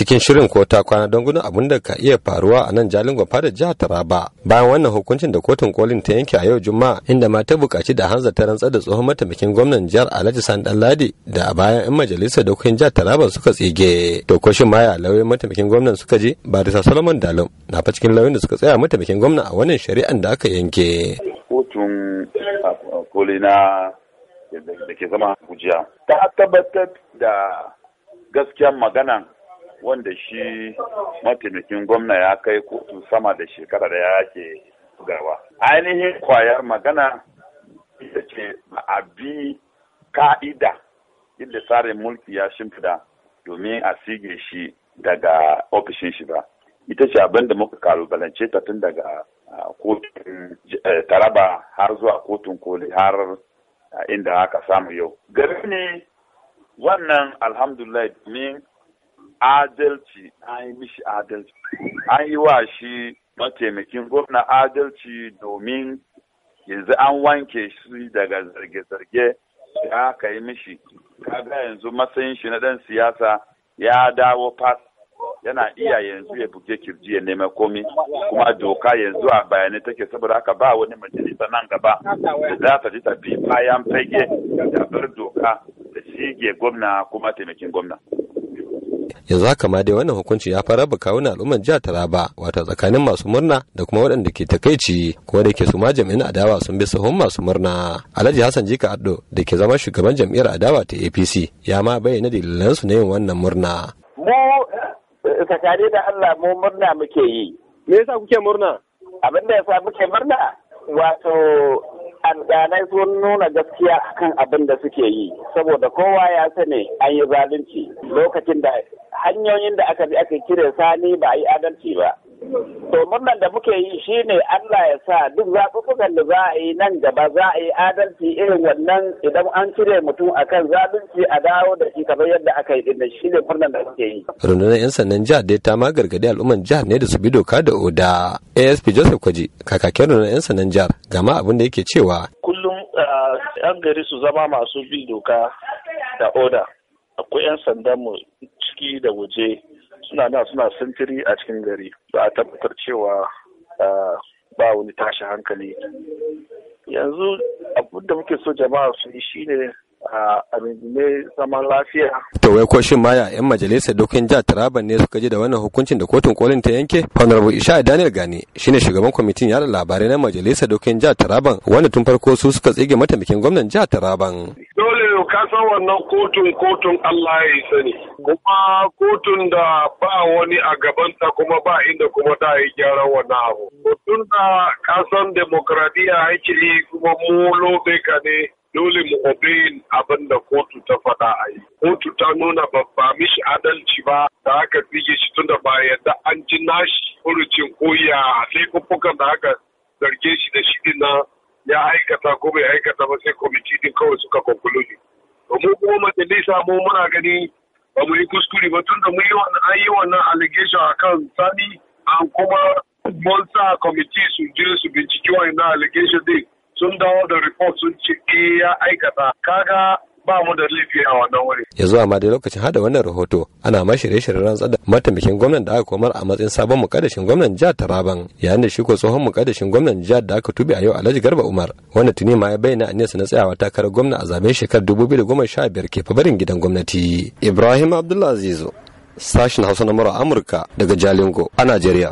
cikin shirin ko ta kwana don gudun abin da ka iya faruwa a nan jalin gwafa da jihar Taraba bayan wannan hukuncin da kotun kolin ta yanke a yau Juma'a inda ma ta buƙaci da Hanza ta rantsar da tsohon mataimakin gwamnan jihar Alhaji san ladi da a bayan 'yan majalisar dokokin jihar Taraba suka tsige to ko shin maya lauyoyin mataimakin gwamnan suka je Barisa Solomon Dalum na fa cikin lauyoyin da suka tsaya mataimakin gwamna a wannan shari'an da aka yanke kotun koli na da ke zama Abuja ta tabbatar da gaskiyar maganan wanda shi mataimakin gwamna ya kai kotu sama da shekara da ya ke gawa. Ainihin kwayar magana ita ce a bi ka'ida inda tsarin mulki ya shimfida domin a sige shi daga ofishin shi ba. Ita ce abin da muka kalubalance ta tun daga kotun eh, taraba har zuwa kotun koli har inda aka samu yau. Gari ne wannan alhamdulillah domin adalci an yi mishi adalci an yi wa shi mataimakin gwamna adalci domin yanzu an wanke shi daga zarge-zarge da aka yi mishi kaga yanzu matsayin shi na dan siyasa ya dawo fas yana iya yanzu ya buge kirji ya nema komi kuma doka yanzu a bayanai take saboda haka ba wani majalisa nan gaba da za ta ji tafi bayan fage da bar doka da shige gwamna kuma taimakin gwamna. yanzu haka ma dai wannan hukunci ya fara ba kawunan al'ummar jihar Taraba wato tsakanin masu murna da kuma waɗanda ke takaici ko da ke su ma adawa sun bi sahun masu murna Alhaji Hassan Jika Addo da ke zama shugaban jam'iyyar adawa ta APC ya ma bayyana dalilan su na yin wannan murna mu tsakani da Allah mu murna muke yi me yasa kuke murna abin da yasa muke murna wato alƙalai sun nuna gaskiya akan abin da suke yi saboda kowa ya sani an yi zalunci lokacin da hanyoyin da aka bi aka kire sani ba a yi adalci ba to murnan da muke yi shi ne Allah ya sa duk zaɓuɓɓukan da za a yi nan gaba za a yi adalci irin wannan idan an cire mutum akan zalunci a dawo da shi kamar yadda aka yi dinnan ne murnan da muke yi rundunar yan sannan jihar dai ta ma gargadi al'umman jihar ne da su bi doka da oda ASP Joseph Kwaji kakakin rundunar yan sannan jihar gama abin da yake cewa kullum yan gari su zama masu bi doka da oda akwai 'yan sandanmu ciki da waje suna nan suna sintiri a cikin gari ba a tabbatar cewa ba wani tashi hankali yanzu abin da muke so jama'a su yi shine a ne zaman lafiya. To wai ko shin maya 'yan majalisar dokin jihar Taraba ne suka ji da wannan hukuncin da kotun kolin ta yanke? Honorable Isha Daniel Gani shine shugaban kwamitin yada labarai na majalisar dokin jihar Taraban wanda tun farko su suka tsige mataimakin gwamnan jihar Taraban. to ka san wannan kotun kotun Allah ya yi sani kuma kotun da ba wani a gabanta kuma ba inda kuma ta yi gyaran wannan abu kotun da ka san aiki ne kuma mu ka ne dole mu obeyin abin da kotu ta faɗa a yi. Kotu ta nuna babba mishi adalci ba da aka fige shi tun da ba yadda an ji nashi furucin koya a laifuffukan da aka zarge shi da shi na ya aikata ko bai aikata ba sai kwamiti din kawai suka konkuloni. mu kuma majalisa mu muna gani ba mu yi kuskure ba tun da mun yi an yi wannan allegation akan sani an kuma mun sa kwamiti su je su binciki wannan allegation din sun dawo da report sun ce eh, ya aikata kaga ba mu da laifi a wannan wuri. Ya zuwa ma dai lokacin hada wannan rahoto ana ma shirye-shiryen rantsar da mataimakin gwamnan da aka komar a matsayin sabon mukaddashin gwamnan jihar Taraban yayin da shi ko tsohon mukaddashin gwamnan jihar da aka tube a yau Alhaji Garba Umar wanda tuni ma ya bayyana aniyarsa na tsayawa takarar gwamna a zaben shekarar 2015 ke fabarin gidan gwamnati. Ibrahim Abdullahi Azizu sashin Hausa na mura Amurka daga Jalingo a Najeriya.